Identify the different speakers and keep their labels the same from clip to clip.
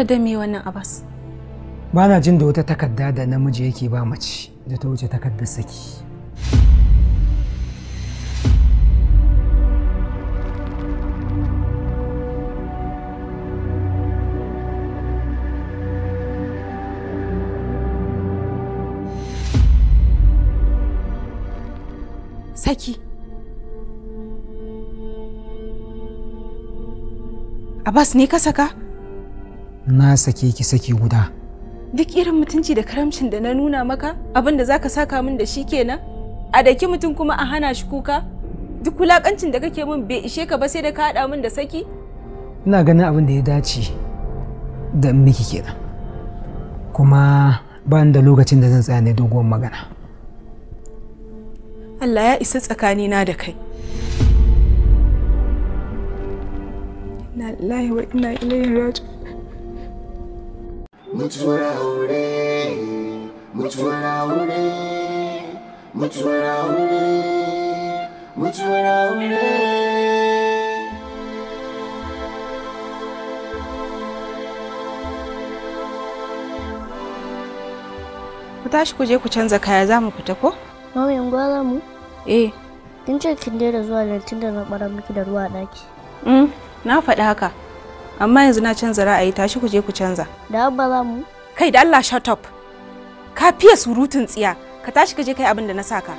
Speaker 1: takardar me wannan abas
Speaker 2: Ba na jin da wata takarda da namiji yake ba mace da ta wuce takardar saki.
Speaker 1: Saki. Abbas ne ka saka?
Speaker 2: na sake ki saki guda
Speaker 1: duk irin mutunci da karamcin da na nuna maka abin da zaka saka min da shi kenan a daki mutum kuma a hana shi kuka duk wulakancin da kake min bai ishe ka ba sai da ka haɗa min da saki
Speaker 2: ina ganin abin da ya dace da miki kenan kuma ba da lokacin da zan tsaya ne doguwar magana
Speaker 1: Allah ya isa tsakanina da kai inna lillahi wa inna ilaihi raji'un
Speaker 3: mutuwar aure mutuwar aure
Speaker 4: mutuwar aure mutuwar aure
Speaker 1: tashi ku je ku canza kaya za mu fita ko? Mama yan gwara mu? Eh. Kin ce kin daina zuwa Lantin da na bara miki da ruwa a ɗaki. Mm, na faɗi haka. amma yanzu na canza ra'ayi tashi ku je ku canza da ba za mu kai da Allah shut up ka fiye surutun tsiya ka tashi ka je kai abin da na saka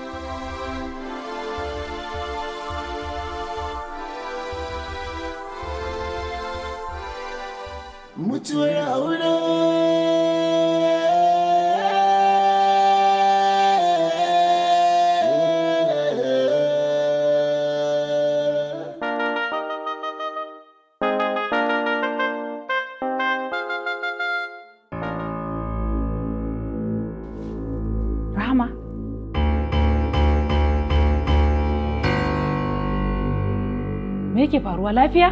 Speaker 3: mutuwar aure
Speaker 5: kake faruwa lafiya?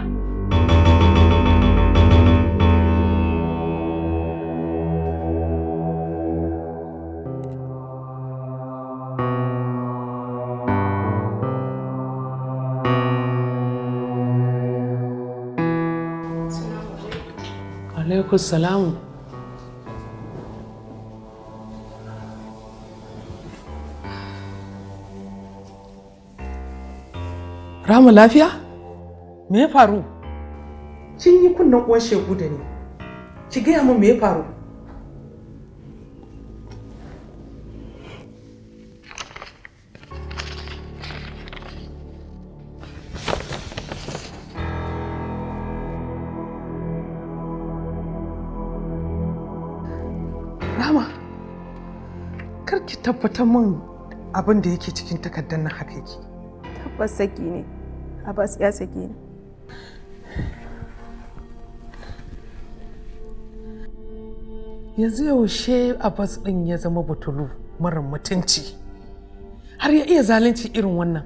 Speaker 6: Alaikum salamu. Rama lafiya? me ya faru kin yi kunnen uwan shegu da ni ki gaya min me ya faru tabbatar min abin da yake cikin takardar nan haka yake.
Speaker 1: Tabbas saki ne, Abbas ya saki ne.
Speaker 6: yanzu yaushe bas ɗin ya zama butulu mara mutunci har ya iya zalunci irin wannan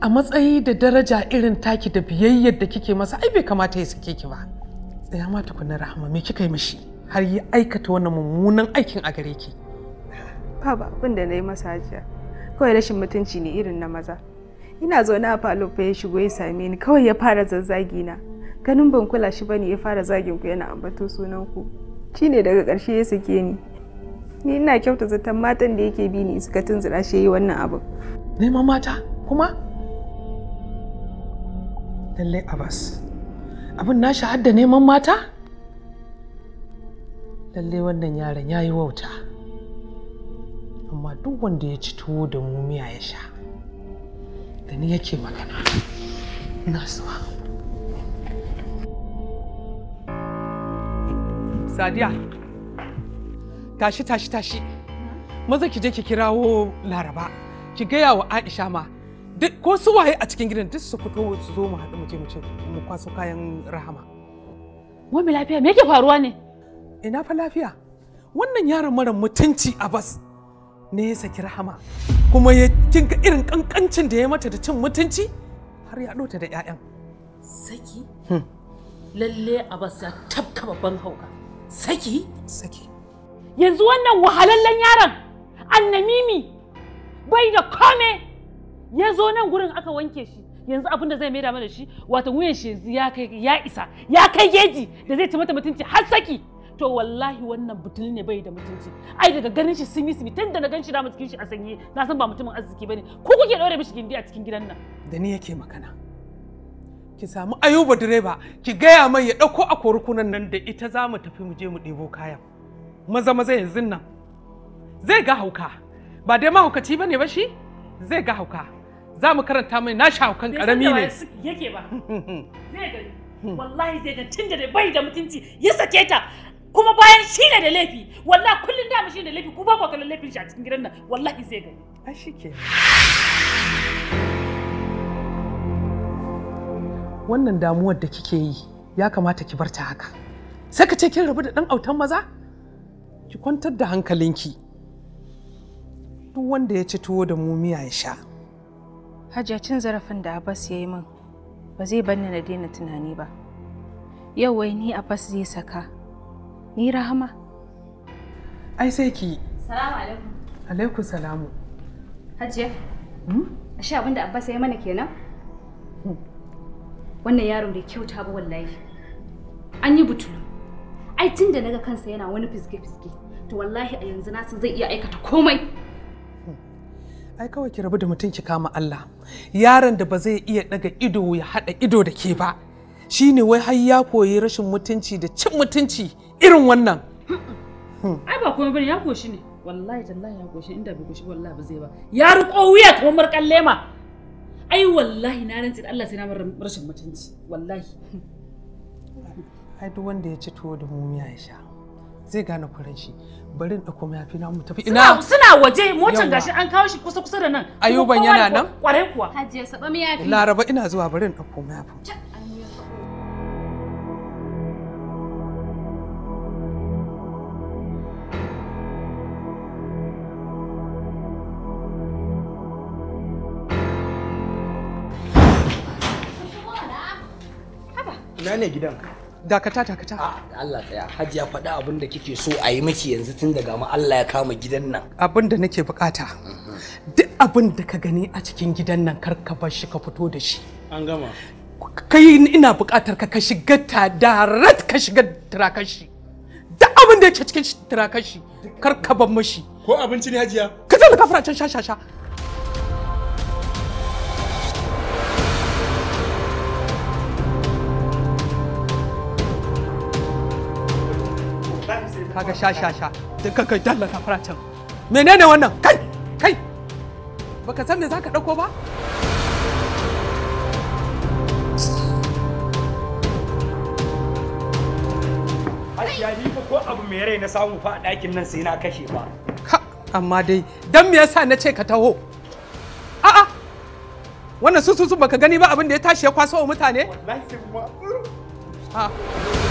Speaker 6: a matsayi da daraja irin taki da biyayyar da kike masa ai bai kamata ya sake ki ba tsaya ku na rahama me kika yi mishi har ya aikata wannan mummunan aikin a gare ki
Speaker 1: baba abin da na yi masa hajiya kawai rashin mutunci ne irin na maza ina zaune a falo fa ya shigo ya same ni kawai ya fara zazzagi na ganin ban kula shi bane ya fara zagin ku yana ambato sunan ku ne daga ƙarshe ya sake ni ni ina kyauta zaton matan da yake bi ni suka tunzura shi yi wannan abin neman mata kuma
Speaker 6: lallai abbas abin na hadda neman mata lallai wannan yaron ya yi wauta amma duk wanda ya ci tuwo da mumiya ya sha da ni yake magana ina suwa Sadiya. Tashi tashi tashi. Maza ki je ki kirawo Laraba. Ki gaya wa Aisha ma ko su waye a cikin gidan duk su fito su zo mu haɗu mu je mu ce mu kwaso kayan rahama. Wani lafiya me yake faruwa ne? Ina fa lafiya. Wannan yaron mara mutunci a bas ne ya saki rahama kuma ya kinka irin kankancin da ya mata da cin mutunci har ya ta da 'ya'yan.
Speaker 5: Saki? Lalle Abbas ya tabka babban hauka. Saki? Saki. Yanzu wannan wahalallen yaron annamimi bai da kome ya zo nan gurin aka wanke shi yanzu abin da zai maida mana shi wato wuyan shi yanzu ya kai ya isa ya kai geji da zai ci mata mutunci har saki to wallahi wannan butul ne bai da mutunci ai daga ganin shi simi simi tun da na gan shi da cikin shi a sanye na san ba mutumin arziki bane ko kuke ɗaure mishi gindi a cikin gidan nan
Speaker 6: da ni yake makana ki samu ayuba direba ki gaya mai ya ɗauko a korukunan nan da ita za mu tafi mu je mu ɗebo kayan maza maza yanzu nan zai ga hauka ba dai mahaukaci ba ne ba shi zai ga hauka za mu karanta mai na haukan karami ne yake ba
Speaker 5: zai gani wallahi zai gani tun da bai da mutunci ya sake ta kuma bayan shi ne da laifi wallahi kullum da mu shi ne da laifi ku ba ku kallon laifin shi a cikin gidan nan wallahi zai gani ai ke
Speaker 6: wannan damuwar da kike yi ya kamata ki bar ta haka sai ka ce kin rabu da ɗan autan maza ki kwantar da hankalinki duk wanda ya ci tuwo da mumiya ya sha
Speaker 1: hajiya cin zarafin da abbas ya yi min ba zai bar ni na daina tunani ba yau wai ni abbas zai saka ni rahama ai sai ki salamu alaikum
Speaker 6: alaikum salamu hajiya hmm?
Speaker 1: ashe abin da abbas ya yi mana kenan
Speaker 5: wannan yaron bai kyauta ba wallahi an yi butulu ai tun da naga kansa yana wani fiske-fiske to wallahi a yanzu nasu zai iya aikata komai
Speaker 6: ai kawai ki rabu da mutum ki kama Allah yaron da ba zai iya daga ido ya hada ido da ke ba shine wai har ya koyi rashin mutunci da cin mutunci irin wannan
Speaker 5: ai ba komai bane ya koshi ne wallahi tallahi ya koshi inda bai koshi wallahi ba zai ba ya riƙo wuya kamar kallema ai wallahi na rantsi da Allah sai na bar
Speaker 6: rashin mutunci wallahi ai duk wanda ya ci tuwo da mumiya ya sha zai gane furen shi bari in dauko mayafi na mu tafi ina suna waje motar gashi
Speaker 5: an kawo shi kusa kusa da nan ayuban yana nan kwarai kuwa hajiya saba fi. laraba
Speaker 6: ina zuwa bari in dauko mayafi ina ne gidan dakata dakata ah,
Speaker 4: Allah tsaya hajiya faɗa abin da kike so a yi miki yanzu tun daga ma Allah ya kama gidan nan
Speaker 6: abin da nake bukata duk abin da ka gani a cikin gidan nan kar ka bar shi ka fito da shi an gama kai ina bukatar ka ka shiga ta darat ka shiga tarakashi duk abin da yake cikin tarakashi kar ka bar mishi. ko abinci ne hajiya ka zama ka fara can sha sha sha kaga sha sha sha da ka kai dalla fara can menene wannan kai kai baka san me zaka dauko ba
Speaker 4: ya ni fa ko abu mai rai na samu fa a ɗakin nan sai na kashe ba.
Speaker 6: amma dai dan me yasa na ce ka taho? A'a wannan su su baka gani ba abin da ya tashi ya kwaso wa mutane?
Speaker 4: Wallahi sai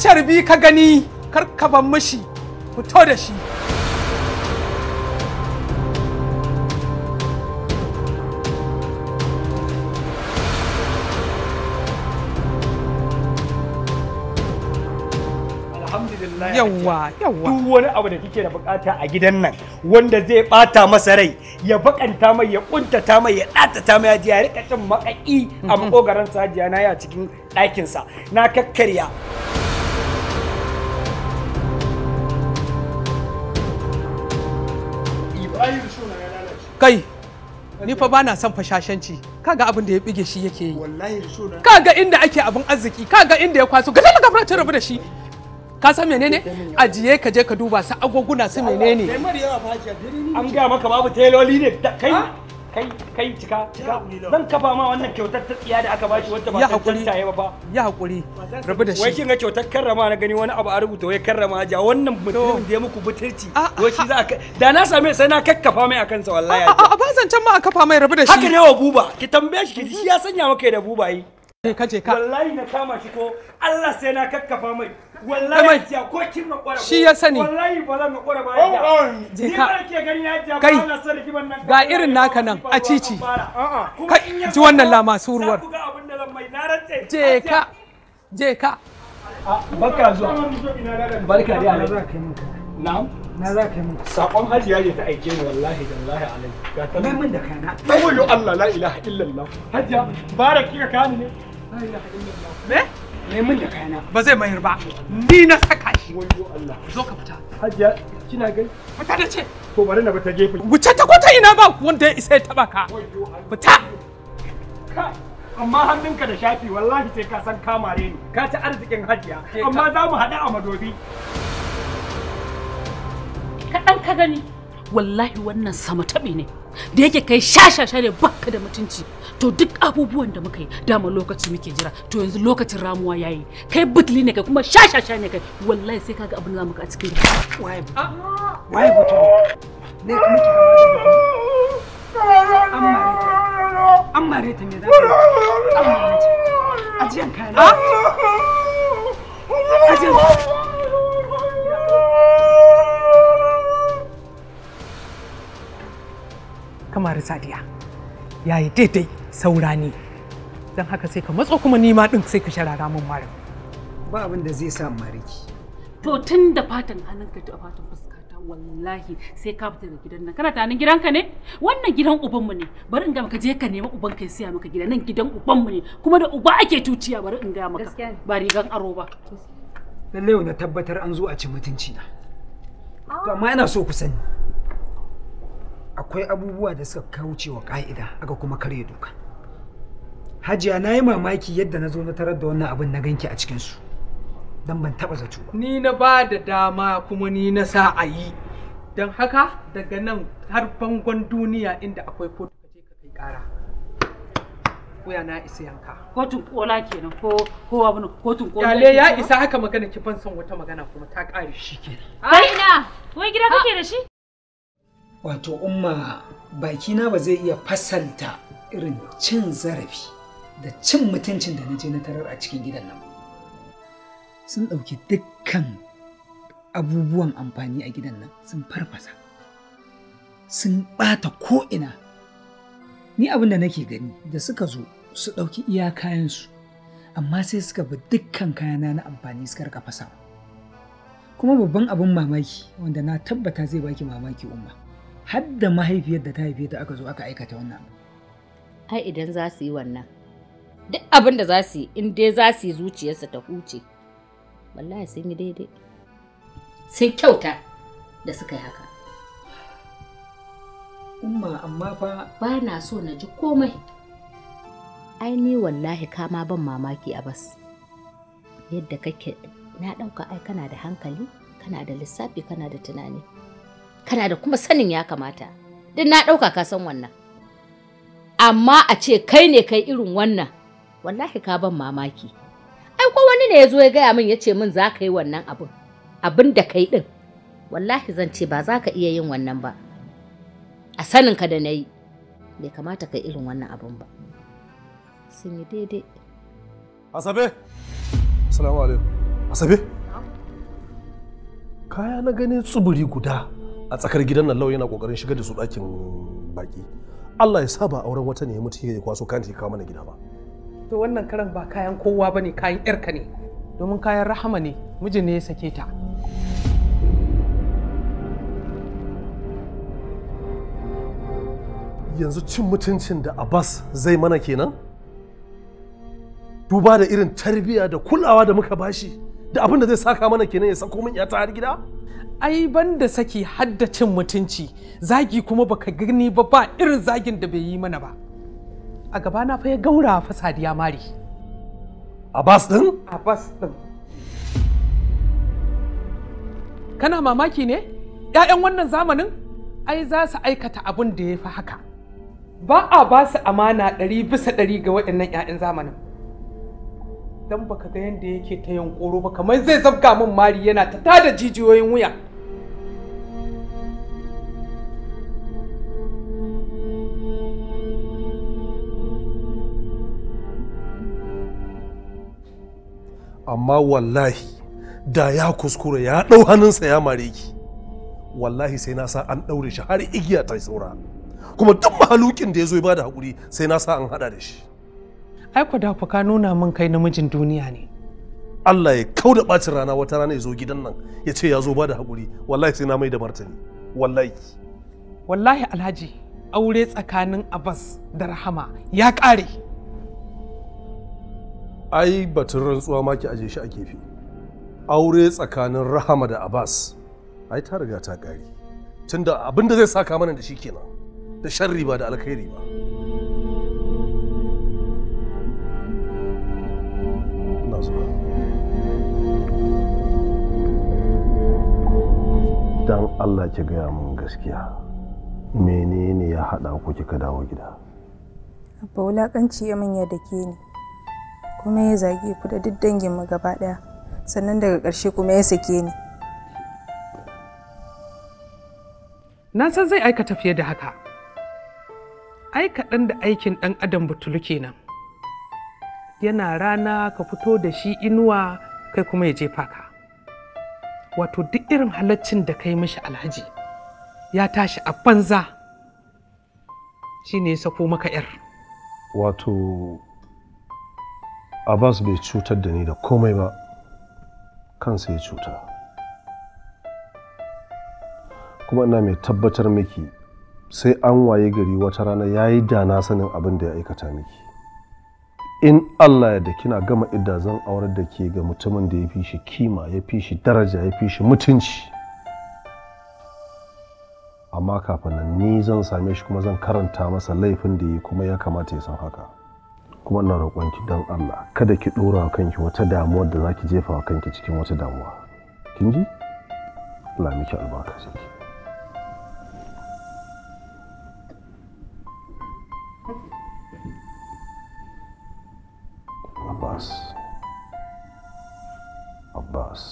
Speaker 6: carbi ka gani karkaban mashi fito da shi
Speaker 4: yawwa yawwa duk wani abu da kike da bukata a gidan nan wanda zai bata masa rai ya bakanta mai ya kuntata mai ya datata mai ya rika cin makaki a makogaran sajiya na ya cikin ɗakinsa na kakkarya
Speaker 6: kai ni fa bana son fashashanci kaga abin da ya bige shi yake yi wallahi kaga inda ake abin arziki kaga inda ya kwaso ga talaka fara rabu da shi ka san menene ajiye ka je ka duba su agoguna su menene an ga maka babu teloli ne kai
Speaker 4: kai kai cika cika zan kafa ma wannan kyautar ta tsiya da aka bashi wacce ba ta tsanta ya ba ya hakuri rabu da shi wai kin ga kyautar karrama na gani wani abu a rubuta wai karrama ja wannan mutumin da ya muku butulci wai shi za ka da na same sai na kakkafa mai akan sa wallahi a
Speaker 6: ba zan can ma a kafa mai rabu da shi haka ne
Speaker 4: wa buba ki tambaye shi ki shi ya sanya maka da buba yi kai kace ka wallahi na kama shi ko Allah sai na kakkafa mai wallahi ya ko kin na kwara shi ya sani wallahi ba na kwara ba ya oh, oh. je ka ni ke gani ya ja ba na sai rigiman nan ga
Speaker 6: irin naka nan a cici
Speaker 4: a'a ji wannan
Speaker 6: lama suruwar
Speaker 4: ga abin da zan mai na rantse je ka je ka barka zuwa barka dai Allah na'am na za ka mun sakon hajiya ne ta aike ni wallahi dallahi alai ga ta mai mun da kana bai Allah la ilaha illallah hajiya baraki ka kani ne
Speaker 6: me
Speaker 4: neman da kayana ba zai mayar ba ni na saka shi zo ka fita hajiya kina gai fita da ce to bari na bata gefe wuce ta kwata ina ba wanda ya isa ya taba ka fita amma hannunka da shafi wallahi sai ka san kamare ni ka ci arzikin hajiya amma za mu haɗu a madobi kaɗan ka gani wallahi wannan sama
Speaker 5: taɓi ne da yake kai shashasha ne baka da mutunci to duk abubuwan da muka yi dama lokaci muke jira to yanzu lokacin ramuwa yayi kai butli ne kai kuma shashasha ne kai wallahi sai kaga abin da ka a cikin waye waye
Speaker 4: butli ne kuma
Speaker 2: ki amma amma reta me za amma ajiyan kana ah!
Speaker 1: ajiyan
Speaker 6: kamar sadiya ya yi daidai saura ne don haka sai ka matso kuma nima ɗin sai ka sharara min mara ba abin da zai sa mariki
Speaker 5: to tun da fatan ka a fatan fuskata wallahi sai ka fita da gidan nan kana tanin gidanka ne wannan gidan mu ne bari in ga maka je ka nema uban ka siya maka gidan nan gidan mu ne kuma da uba ake tuciya bari in ga maka ba rigan aro ba
Speaker 2: lallai na tabbatar an zo a ci mutunci na amma ina so ku sani akwai abubuwa da suka kauce wa ka'ida aka kuma karya doka hajiya na yi mamaki yadda na zo na tarar da wannan abin na ganki a cikinsu don ban taɓa zato
Speaker 6: ni na ba da dama kuma ni na sa a yi don haka daga nan har bangon duniya inda akwai kotu ka je ka kai kara. wuya na isa yanka kotun kola kenan ko ko abin kotun kola yale ya isa haka magana ki ban son wata magana kuma ta kare shi kenan
Speaker 5: a ina wai gida kake da shi
Speaker 6: wato umma
Speaker 2: bakina ba zai iya fasalta irin cin zarafi da cin mutuncin da na je na tarar a cikin gidan nan sun ɗauki dukkan abubuwan amfani a gidan nan sun farfasa sun ɓata ko'ina ni abin da nake gani da suka zo su ɗauki iya kayansu amma sai suka bi dukkan kayana na amfani suka rika fasa. kuma babban abin mamaki wanda na tabbata zai baki mamaki umma har da mahaifiyar da ta haife ta aka zo aka aikata
Speaker 4: wannan ai idan za su yi wannan duk abin da za su yi in dai za su yi zuciyarsa ta huce wallahi sun yi daidai sun kyauta da suka yi haka umma amma fa ba na so na ji komai ai ni wallahi kama ban mamaki a bas yadda kake na ɗauka ai kana da hankali kana da lissafi kana da tunani kana da kuma sanin ya kamata duk na ɗauka ka san wannan amma a ce kai ne kai irin wannan wallahi ka ban mamaki ai ko wani ne ya zo ya gaya min ya ce min za ka yi wannan abin abin da kai ɗin wallahi zan ce ba za ka iya yin wannan ba a saninka da na yi bai kamata ka irin wannan abin ba sun yi daidai
Speaker 3: asabe assalamu alaikum asabe kaya na ganin tsubiri guda a tsakar gidan nan lau yana kokarin shigar da su ɗakin baki Allah ya saba auren wata ne ya mutu ya kwaso kayan ya kawo mana gida ba
Speaker 6: to wannan karan ba kayan kowa bane kayan yarka ne domin kayan rahama ne mijin ne ya sake ta
Speaker 3: yanzu cin mutuncin da Abbas zai mana kenan duba da irin tarbiyya da kulawa da muka bashi da abin da zai saka mana kenan ya sako min ya
Speaker 6: ta har gida ai ban da saki hadda cin mutunci zagi kuma baka gani ba ba irin zagin da bai yi mana ba a gaba na fa ya gaura fa sadiya mari
Speaker 3: abbas din
Speaker 6: abbas din kana mamaki ne ƴaƴan wannan zamanin ai za su aikata abin da ya fi haka ba a ba su amana ɗari bisa ɗari ga waɗannan ƴaƴan zamanin dan baka ga yadda yake ta yankoro ba kamar zai zabga min mari yana ta tada jijiyoyin wuya
Speaker 3: amma wallahi da ya kuskure ya ɗau hannunsa ya mare ki wallahi sai na sa an ɗaure shi har igiya ta saura kuma duk mahalukin da ya zo ya bada hakuri sai na sa an haɗa da shi
Speaker 6: ai ku da ka nuna min kai namijin duniya ne
Speaker 3: Allah ya kau da ɓacin rana wata rana ya zo gidan nan ya ce ya zo bada hakuri wallahi sai na mai da martani wallahi
Speaker 6: wallahi alhaji aure tsakanin abbas da rahama ya ƙare
Speaker 3: ai batun rantsuwa ma ki aje shi a gefe aure tsakanin rahama da abbas ai ta riga ta ƙare tunda abin da zai saka mana da shi kenan da sharri ba da alkhairi ba dan Allah ki gaya mun gaskiya menene ya haɗa ku kika dawo gida
Speaker 1: abba wulakanci ya manya da ke ni kuma ya zage ku da duk dangin mu gaba daya sannan daga ƙarshe kuma ya sake ni na san zai aikata fiye da haka
Speaker 6: ai kaɗan da aikin ɗan adam butulu kenan yana rana ka fito da shi inuwa kai kuma ya jefa ka wato duk irin halaccin da kai mishi alhaji ya tashi a banza shi ne ya sako maka 'yar
Speaker 3: wato abbas bai cutar da ni da komai ba kansa ya cuta kuma ina mai tabbatar miki sai an waye gari wata rana ya yi da na sanin abin da ya aikata miki in allah yadda kina gama idda zan aurar da ke ga mutumin da ya fi shi kima ya fi shi daraja ya fi shi mutunci amma kafin nan ni zan same shi kuma zan karanta masa laifin da ya kuma ya kamata ya san haka kuma na roƙonki don Allah kada ki ɗora wa kanki wata damuwar da zaki jefa wa kanki cikin wata damuwa kin ji Allah miki albarka sai Abbas Abbas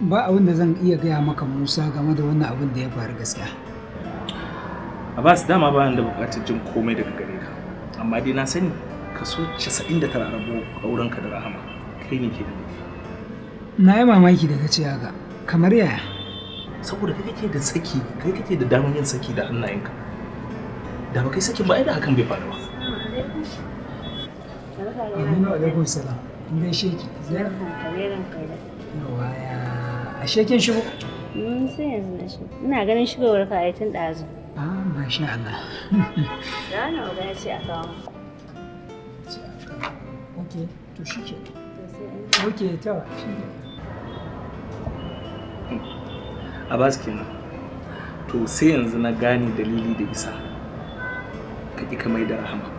Speaker 2: ba abin da zan iya gaya maka Musa game da wannan abin da ya faru gaskiya
Speaker 4: Abbas dama ba da bukatar jin komai daga amma dai na sani kaso 99 rabo auren ka da rahama kai ne ke da nufi
Speaker 2: na yi mamaki daga
Speaker 4: ce ga kamar yaya saboda kai kake da saki kai kake da damar yin saki da hannayenka da ba kai saki ba ai da hakan bai faru ba Aminu alaikum salam. Inda sheki.
Speaker 2: Zai
Speaker 1: waya A shekin shigo? Mun mm, sai yanzu na shigo. Ina ganin shigowar ka a tun ɗazu.
Speaker 2: Ah, masha Allah.
Speaker 1: Ya na ya ce a kawo. Okay, to shi ke.
Speaker 2: Okay, ta shi
Speaker 1: ke.
Speaker 4: Abbas kenan. To sai yanzu na gane dalili da bisa. Ka ƙi ka mai da rahama.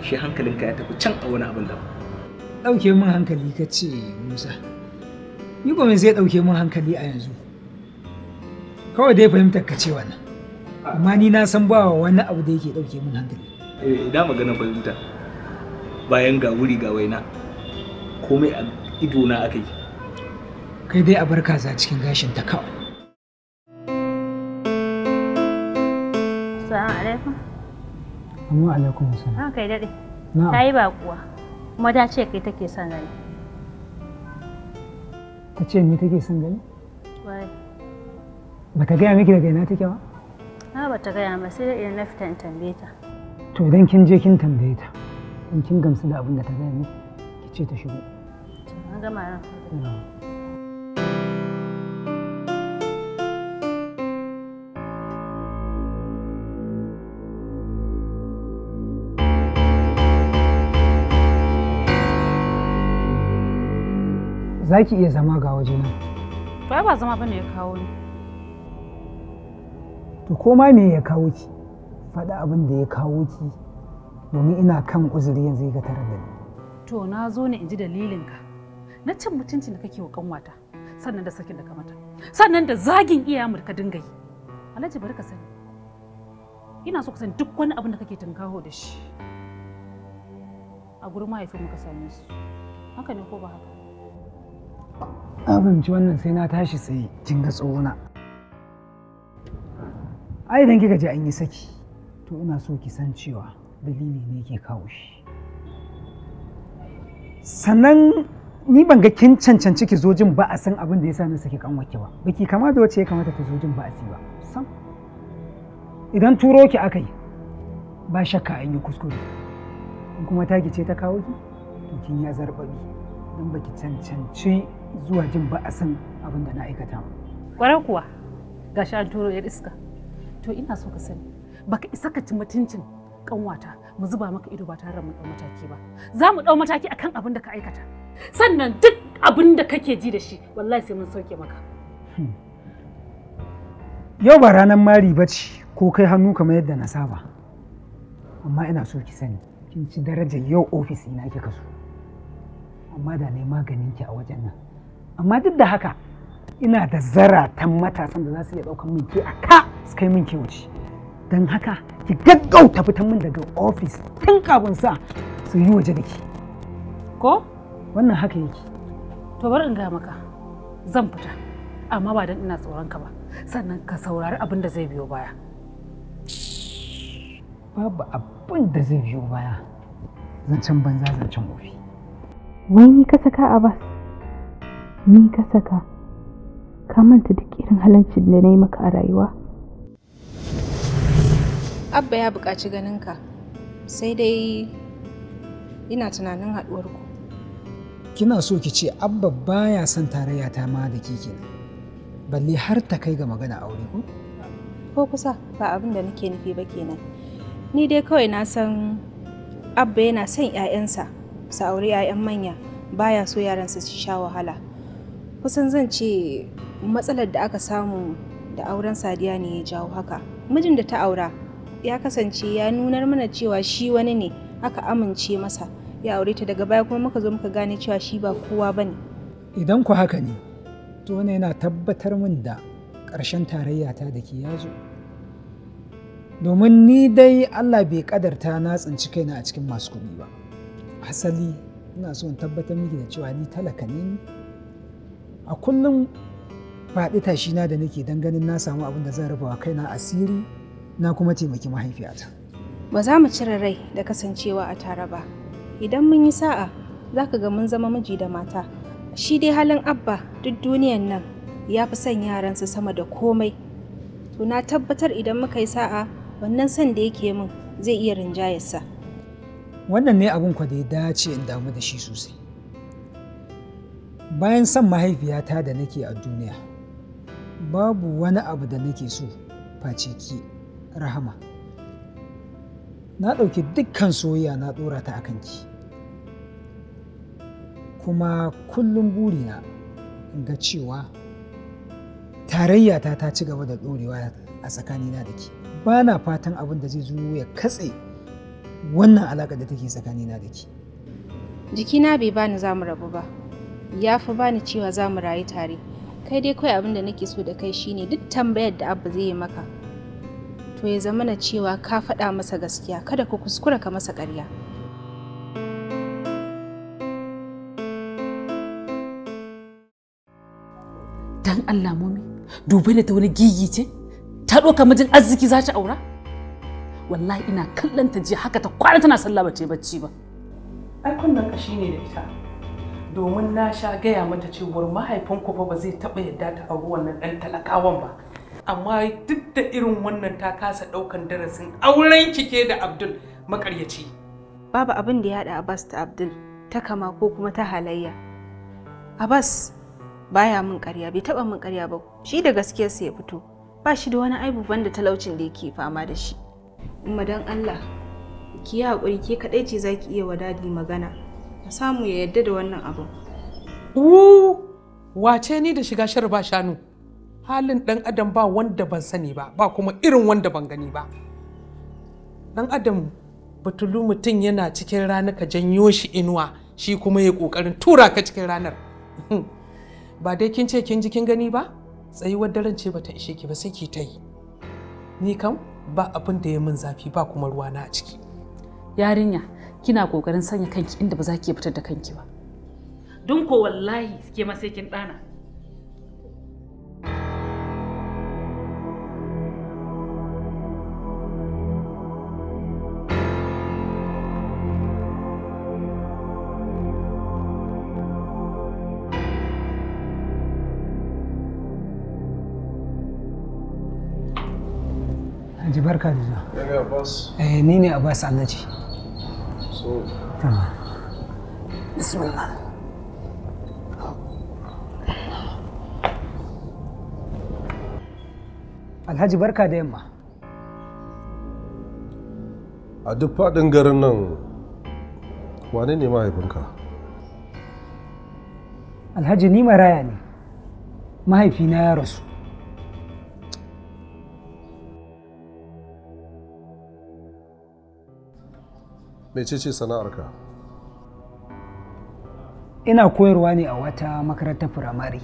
Speaker 4: Ashe hankalinka ya tafi can a wani abin da
Speaker 2: Ɗauke min hankali ka ce Musa. Ni kuma zai ɗauke min hankali a yanzu. Kawai dai fahimtar ka ce wannan. amma ni na san ba wani abu da yake dauke min
Speaker 4: hankali da eh, magana fahimta bayan ga wuri ga waina komai a idona aka yi
Speaker 2: kai dai a bar kaza cikin gashin ta kawai
Speaker 1: assalamu alaikum
Speaker 2: amma alaikum assalam ah kai dade ta
Speaker 1: yi bakuwa kuma ta ce kai take son gani
Speaker 2: ta ce ni take son gani ba ta gaya miki daga ina take ba
Speaker 1: na ba ta gaya ma sai dai na fita in tambaye ta
Speaker 2: to idan kin je kin tambaye ta in kin gamsu da abin da ta gaya miki ki ce ta shigo an gama ran za ki iya zama ga waje nan.
Speaker 5: Ba ba zama bane ya kawo ni.
Speaker 2: to koma me ya kawo ki faɗa abin da ya kawo ki domin ina kan uzuri yanzu ga tare da ni
Speaker 5: to na zo ne in ji dalilinka na cin mutuncin da kake wa kanwata sannan da sakin da ka mata sannan da zagin iya mu ka dinga yi alhaji bari ka sani ina so ka san duk wani abin da kake tunkaho da shi a gurin mahaifin muka same su haka ne ko ba haka
Speaker 2: na fahimci wannan sai na tashi sai jinga tsohona ai idan kika ji an yi saki to ina so ki san cewa dalili ne ke kawo shi sannan ni ban ga kin cancanci ki zo jin ba a san abin da ya sa na saki kan wake ba baki kama da wacce ya kamata ta zo jin ba a ba sam idan turo ki aka yi ba shakka an yi kuskure in kuma ta ce ta kawo ki to kin ya zarbabi don baki cancanci zuwa jin ba a san abin da na aikata ba.
Speaker 5: Kwarar kuwa gashi an turo ya iska. to ina so ka sani baka isa ka ci mutuncin kanwata mu zuba maka ido ba tare mu dau mataki ba za mu dau mataki akan abin da ka aikata sannan duk abin da kake ji da shi wallahi sai mun sauke maka
Speaker 2: hmm. yau ba ranar mari ba ce ko kai hannu kamar yadda na saba amma ina so ki sani kin ci darajar yau ofis ina kika so amma da ne maganin ki a wajen nan amma duk da haka ina da zaratan matasan da za su iya daukan min ki a ka su kai min kiwaci don haka ki gaggauta fitan min daga ofis tun kafin sa su yi waje da ki ko wannan haka yake
Speaker 5: to bari in ga maka zan fita amma ba don ina tsoron ka ba sannan ka saurari abin da zai biyo baya
Speaker 2: babu abin da zai biyo baya zancen banza zancen gobe
Speaker 1: wai ni ka saka a bas ni ka saka ka manta duk irin halancin da na yi maka a rayuwa Abba ya buƙaci ganinka, sai dai ina tunanin haɗuwar ku.
Speaker 2: Kina so ki ce Abba baya son tarayya ta ma da ke kenan. Balle har ta kai ga magana aure ko?
Speaker 1: Ko kusa ba abin da nake nufi ba kenan. Ni dai kawai na san Abba yana son 'ya'yansa su auri 'ya'yan manya baya so yaran su sha wahala. Kusan zan ce matsalar da aka samu da auren sadiya ne ya jawo haka mijin da ta aura ya kasance ya nunar mana cewa shi wani ne aka amince masa ya aure ta daga baya kuma muka zo muka gane cewa shi ba kowa ba ne
Speaker 2: idan ku haka ne to wani yana tabbatar min da ƙarshen tarayya ta da ke yazo domin ni dai Allah bai kadarta na tsinci kaina a cikin masu kuɗi ba asali ina so in tabbatar miki da cewa ni talaka ne a kullum faɗi tashi na da nake don ganin na samu abin da zan rufe wa kaina asiri na kuma taimaki mahaifiyata
Speaker 1: ba za mu cire rai da kasancewa a tare ba idan mun yi sa'a za ka ga mun zama miji da mata shi dai halin abba duk duniyan nan ya fi son yaransa sama da komai to na tabbatar idan muka yi sa'a wannan son da yake min zai iya rinjayarsa
Speaker 2: wannan ne abin ku da ya dace in damu da shi sosai bayan son mahaifiyata da nake a duniya babu wani abu da nake so face ki rahama na ɗauki dukkan soyayya na ɗora ta akan ki kuma kullum burina ga cewa tarayyata ta ci gaba da ɗorewa a tsakanina da ke ba na fatan abin da zai zo ya katse wannan alaƙa da take tsakanina da ke
Speaker 1: jikina bai bani za mu rabu ba ya fi bani cewa zamu rayu tare kai dai kawai abin da nake so da kai shine duk tambayar da abu zai yi maka to ya zama na cewa ka faɗa masa gaskiya kada ku kuskura ka masa ƙarya
Speaker 5: dan Allah mumi dubai da ta wani gigi ce ta ɗauka mijin arziki za ta aura wallahi ina kallon ta jiya haka ta kwana tana sallah yi bacci ba ai
Speaker 6: kunnen kashi ne da ita domin na sha gaya mata cewar mahaifinku fa ba zai taɓa yadda ta auri wannan ɗan talakawan ba amma duk da irin wannan ta kasa ɗaukan darasin auren kike da abdul makaryaci
Speaker 1: babu abin da ya haɗa abbas da abdul ta kama ko kuma ta halayya abbas baya min ƙarya bai taba min ƙarya ba shi da gaskiyarsa ya fito ba shi da wani aibu banda talaucin da yake fama da shi umma dan allah ki yi haƙuri ke kaɗai ce zaki iya wa dadi magana ka samu ya yadda da wannan abin
Speaker 6: wace ni da shiga shirin ba shanu halin ɗan adam ba wanda ban sani ba ba kuma irin wanda ban gani ba ɗan adam batulu mutum yana cikin rana ka janyo shi inuwa shi kuma ya ƙoƙarin tura ka cikin ranar ba dai kin ce kin ji kin gani ba tsayuwar daren ce bata ishe ki ba sai ki ta yi ni kam ba abin da ya min zafi ba kuma ruwa na a ciki yarinya kina ƙoƙarin sanya kanki inda
Speaker 5: ba za ki fitar da kanki ba Dun ko wallahi ke ma kin ɗana
Speaker 2: barka da
Speaker 3: zuwa
Speaker 2: eh ni ne abbas alhaji so tamam bismillah alhaji barka da yamma
Speaker 3: a duk faɗin garin nan wane ne mahaifinka
Speaker 2: alhaji ni maraya ne mahaifina ya rasu
Speaker 3: mecece sana'arka
Speaker 2: ina koyarwa ne a wata makarantar firamare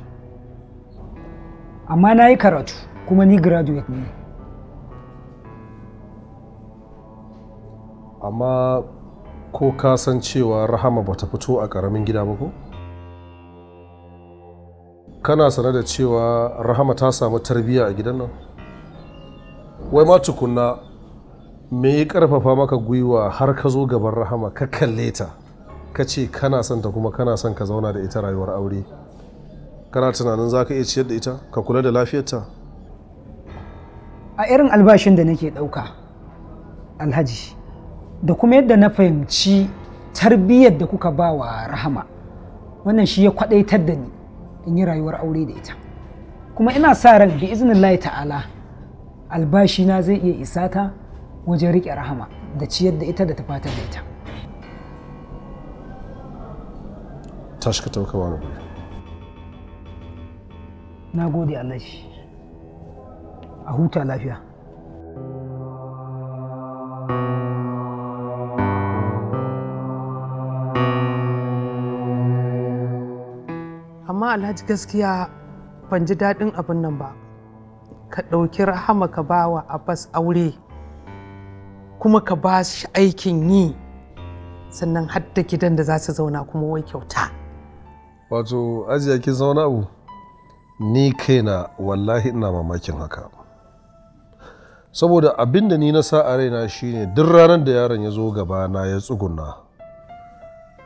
Speaker 2: amma na yi karatu kuma ni graduate ne
Speaker 3: amma ko ka san cewa rahama bata fito a ƙaramin gida ba ko kana sanar da cewa rahama ta samu tarbiyya a gidan nan wai ma tukunna me ya karfafa maka gwiwa har ka zo gaban rahama ka kalle ta ka ce kana son ta kuma kana son ka zauna da ita rayuwar aure kana tunanin za ka iya ciyar da ita ka kula da lafiyarta
Speaker 2: a irin albashin da nake ɗauka alhaji da kuma yadda na fahimci tarbiyyar da kuka ba wa rahama wannan shi ya kwaɗaitar da ni in yi rayuwar aure da ita kuma ina sa ran bi iznillahi ta'ala albashina zai iya isata wajen riƙe rahama da ciyar da ita da ta fatar da ita
Speaker 3: Tashka tauka wani gudu
Speaker 2: na gode alashi a huta lafiya
Speaker 6: amma alhaji gaskiya ban ji daɗin abin nan ba ka ɗauki rahama ka bawa abbas aure kuma ka ba shi aikin yi sannan hadda gidan da za su zauna kuma wai kyauta
Speaker 3: wato ajiya kin zauna abu ni kaina wallahi ina mamakin haka saboda abin da ni na sa a raina shine duk ranar da yaron ya zo gaba na ya tsuguna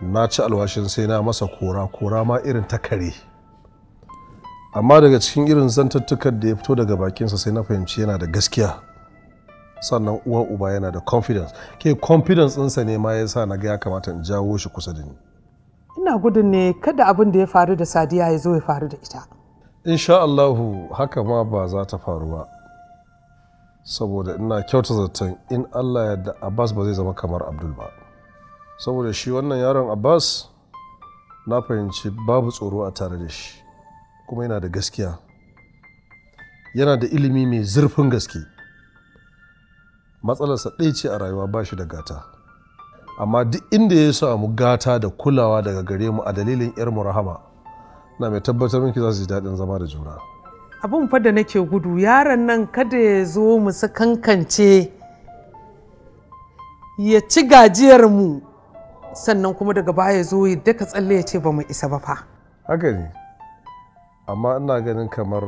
Speaker 3: na ci alwashin sai na masa kora kora ma irin ta kare amma daga cikin irin zantattukar da ya fito daga bakinsa sai na fahimci yana da gaskiya sannan uwan uba yana da confidence ke confidence ɗinsa ne ma ya sa na ga ya kamata in jawo shi kusa da ni
Speaker 6: ina gudun ne kada abin da ya faru da sadiya ya zo ya faru da ita
Speaker 3: insha Allahu haka ma ba za ta faru ba saboda ina kyauta zaton in Allah ya da Abbas ba zai zama kamar Abdul ba saboda shi wannan yaron Abbas na fahimci babu tsoro a tare da shi kuma yana da gaskiya yana da ilimi mai zurfin gaske matsalarsa ɗaya ce a rayuwa ba shi da gata amma duk inda ya sa mu gata da kulawa daga gare mu a dalilin yar mu rahama na mai tabbatar miki za su ji daɗin zama da juna
Speaker 6: abin fa da nake gudu yaron nan kada ya zo mu sakankance ya ci gajiyar mu sannan kuma daga baya
Speaker 3: ya zo ya daka tsalle ya ce ba mu isa ba fa haka ne amma ina ganin kamar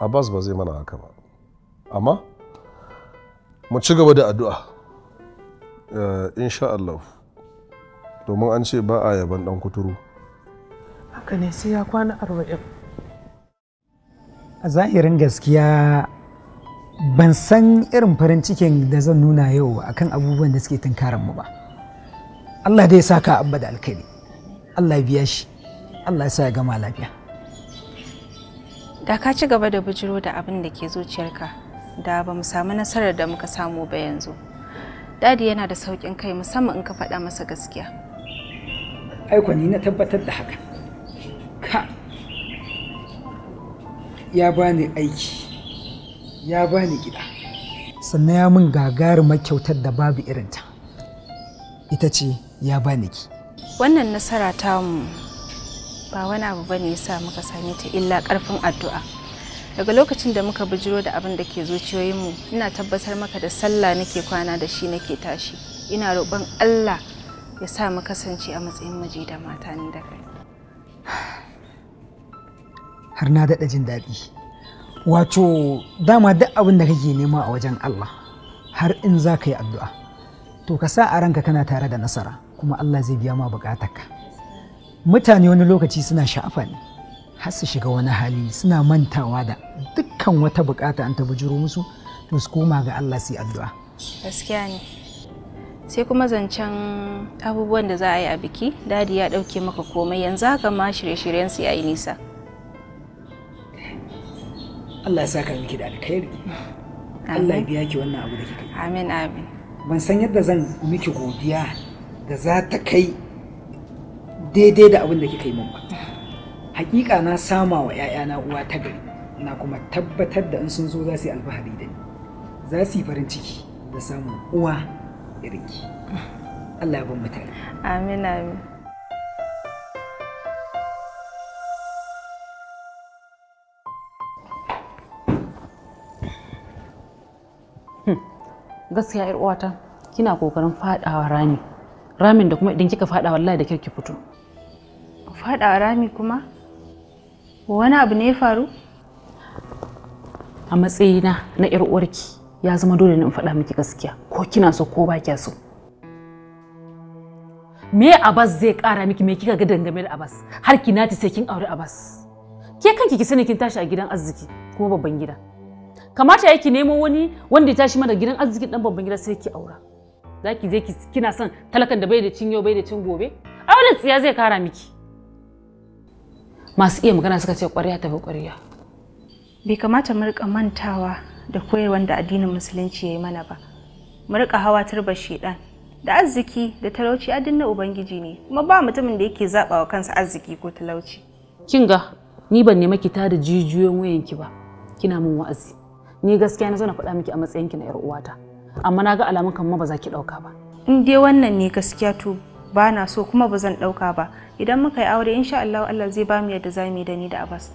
Speaker 3: abbas ba zai mana haka ba amma mu ci gaba da addu'a eh, insha Allah domin an ce ba a yaban dan kuturu
Speaker 6: haka ne sai ya kwana arba'in
Speaker 2: a zahirin gaskiya ban san irin farin cikin da zan nuna yau akan abubuwan da suke tunkaran mu ba Allah dai saka abba da alkali Allah biya shi Allah ya sa ya gama lafiya
Speaker 1: da ka ci gaba da bujiro da abin da ke zuciyarka da ba mu samu nasarar da muka samu ba yanzu dadi yana da sauƙin kai musamman in ka faɗa masa gaskiya aiko ni na tabbatar da haka ka
Speaker 2: ya bani aiki ya bani gida sannan ya min gagarumar kyautar da babu irinta ita ce ya bani ki
Speaker 1: wannan nasara ta mu ba wani abu bane yasa muka same ta illa ƙarfin addu'a daga lokacin da muka bijiro da abin da ke zuciyoyinmu ina tabbatar maka da sallah nake kwana da shi nake tashi ina roƙon allah ya sa mu kasance a matsayin miji da mata ni da kai har
Speaker 2: na daɗa jin daɗi wato dama duk abin da kake nema a wajen allah har in za ka yi addu'a to ka sa a ranka kana tare da nasara kuma allah zai biya ma bukatarka mutane wani lokaci suna sha'afa ne har su shiga wani hali suna mantawa da dukkan wata bukata an ta bujuro musu to su koma ga Allah su yi
Speaker 1: addu'a gaskiya ne sai kuma zancen abubuwan da za a yi a biki dadi ya dauke maka komai yanzu haka ma shirye-shiryen su yayi nisa
Speaker 2: Allah ya saka miki da alkhairi Allah ya biya ki wannan abu da kika amin amin ban san yadda zan miki godiya da za ta kai daidai da abin da kika yi min ba hakika na sama wa 'ya'yana uwa ta gari na kuma tabbatar da in sun zo za su yi alfahari da ni za su yi farin ciki da samun uwa ki Allah ya ban mutane
Speaker 1: amin amin hmm.
Speaker 5: gaskiya yar uwata kina kokarin fadawa rami ramin da kuma idan kika fada wallahi da kirki fito
Speaker 1: fadawa rami kuma wani abu ne ya faru
Speaker 5: a matsayina na yar uwarki ya zama dole ne in faɗa miki gaskiya ko kina so ko ba kya so me abas zai ƙara miki me kika ga dangane da Abbas har ki nati sai kin aure Abbas ke kanki ki sani kin tashi a gidan arziki kuma babban gida kamata yake nemo wani wanda ya tashi mana gidan arzikin dan babban gida sai ki aura za ki je kina son talakan da bai da cin yau bai da cin gobe auren tsiya zai kara miki
Speaker 1: masu iya magana suka ce ƙwarya tafi ƙwarya bai kamata mu rika mantawa da koyarwar da addinin musulunci ya yi mana ba mu rika hawa turba shedan da arziki da talauci adin na ubangiji ne kuma ba mutumin da yake zaba kansa arziki ko talauci
Speaker 5: kin ga ni ban nemi ki da
Speaker 6: jijiyoyin
Speaker 5: wayanki ba kina min wa'azi ni gaskiya na zo na faɗa miki a matsayinki na yar uwata
Speaker 1: amma na ga alamun kan ma ba za ki ɗauka ba in dai wannan ne gaskiya to Bana so kuma ba zan ɗauka ba idan muka yi aure insha Allah Allah zai ba mu yadda za yi da ni da Abbas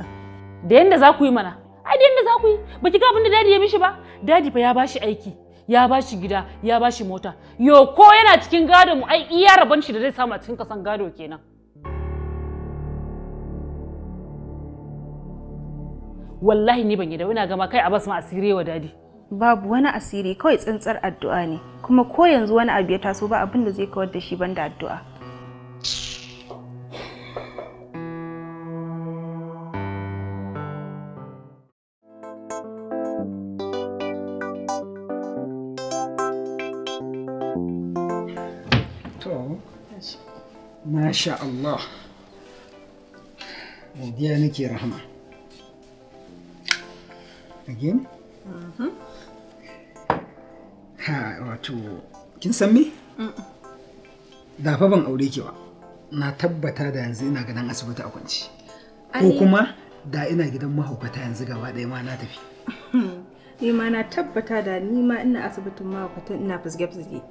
Speaker 1: din da yanda za ku yi mana ai da yanda za ku yi ba ki ga abin da dadi ya mishi ba dadi fa ya bashi aiki
Speaker 5: ya bashi gida ya bashi mota yo ko yana cikin gado mu ai iya rabon shi da zai samu cikin kasan gado kenan wallahi ni ban yi da ina gama kai Abas ma wa dadi
Speaker 1: babu wani asiri kawai tsantsar addu'a ne kuma ko yanzu wani abu ya taso ba abin da zai kawar da shi banda addu'a
Speaker 2: Masha Allah, godiya nake rahama. Again? Mm-hmm. ha wato kin san me da fa ban aure ki ba na tabbata da yanzu ina ganin asibiti a kwanci ko kuma da ina gidan mahaukata yanzu gaba ɗaya ma na tafi
Speaker 1: ni ma na tabbata da ni ma ina asibitin mahaukata ina fusge fusge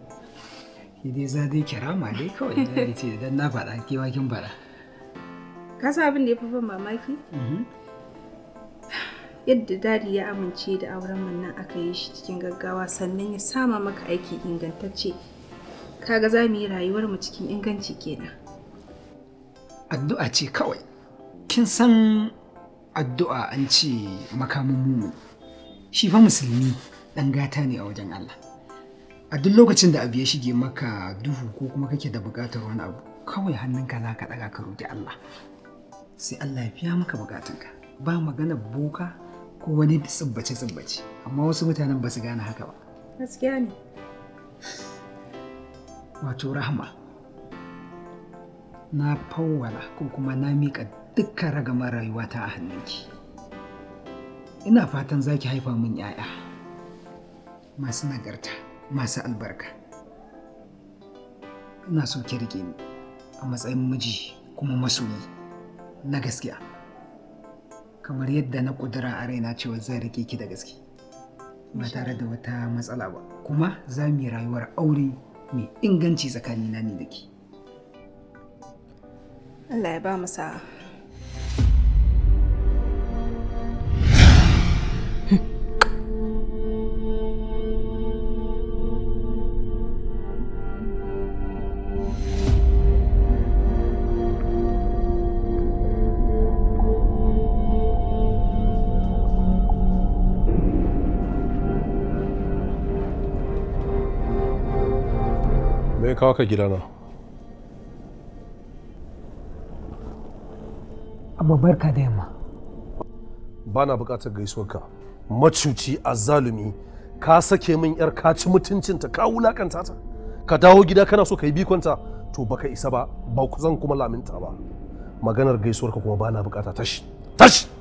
Speaker 2: ki dai za dai kirama dai kawai da ce idan na faɗa ke ma kin faɗa
Speaker 1: ka san abin da ya fi ban mamaki mm-hmm. yadda dadi ya amince da auren wannan aka yi shi cikin gaggawa sannan ya sama maka aiki ingantacce kaga za mu yi rayuwar mu cikin inganci kenan
Speaker 2: addu'a ce kawai
Speaker 1: kin san
Speaker 2: addu'a an ce makamin mumu shi fa musulmi dan gata ne a wajen Allah a duk lokacin da abu ya shige maka duhu ko kuma kake da bukatar wani abu kawai hannunka za ka ɗaga ka roki Allah sai Allah ya fiya maka bukatunka ba magana boka ko wani tsibbace-tsibbace amma wasu mutanen ba su gane haka ba gaskiya ne wato rahama na fawwala ko kuma na miƙa dukkan ragamar ta a hannunki ina fatan za ki haifa min 'ya'ya masu nagarta masu albarka ina so ki rike ni a matsayin miji kuma masoyi na gaskiya kamar yadda na kudura a raina cewa zan rike ki da gaske ba tare da wata matsala ba kuma za mu yi rayuwar aure mai inganci tsakanina ni da ke.
Speaker 1: Allah ya ba mu sa'a
Speaker 3: kawaka ka gidana
Speaker 2: abu barka da yamma
Speaker 3: ba na bukatar gaisuwarka macuci a zalumi ka sake min yar ka ci mutuncinta ka wulakanta ta ka dawo gida kana so ka yi bikonta to baka isa ba ba zan kuma laminta ba maganar gaisuwarka kuma ba na bukata tashi tashi